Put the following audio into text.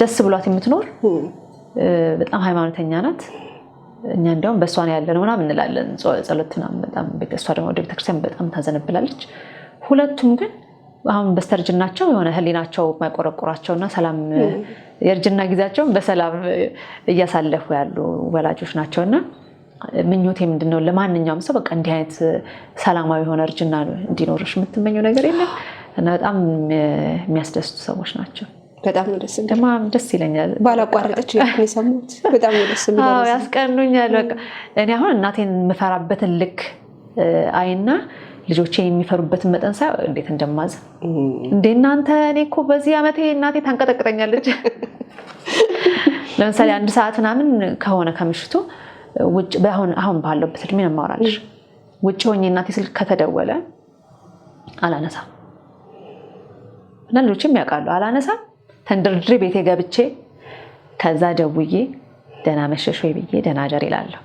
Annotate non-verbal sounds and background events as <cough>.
ደስ ብሏት የምትኖር በጣም ሃይማኖተኛ ናት። እኛ እንዲያውም በእሷ ነው ያለነው ምናምን እንላለን። ጸሎት በጣም እሷ ደግሞ ወደ ቤተክርስቲያን በጣም ታዘነብላለች። ሁለቱም ግን አሁን በስተርጅናቸው የሆነ ህሊናቸው ማይቆረቁራቸው እና ሰላም የእርጅና ጊዜያቸውን በሰላም እያሳለፉ ያሉ ወላጆች ናቸው እና ምኞቴ ምንድን ነው? ለማንኛውም ሰው በቃ እንዲህ አይነት ሰላማዊ የሆነ እርጅና እንዲኖርሽ የምትመኘው ነገር የለም እና በጣም የሚያስደስቱ ሰዎች ናቸው። በጣም ነው ደስ ማም ደስ ይለኛል። ባላቋረጠች የሰሙት በጣም ነው ደስ ያስቀኑኛል። በቃ እኔ አሁን እናቴን የምፈራበትን ልክ አይና ልጆቼ የሚፈሩበትን መጠን ሳይ እንዴት እንደማዝ እንዴ እናንተ እኔ እኮ በዚህ ዓመቴ እናቴ ታንቀጠቅጠኛለች። <laughs> ለምሳሌ አንድ ሰዓት ምናምን ከሆነ ከምሽቱ ውጭ አሁን ባለበት እድሜ እማወራለሽ ውጭ ሆኜ እናቴ ስልክ ከተደወለ አላነሳም እና ልጆቼም ያውቃሉ አላነሳም ተንደርድሬ ቤቴ ገብቼ ከዛ ደውዬ ደህና መሸሽ ወይ ብዬ ደህና ደር ይላለሁ።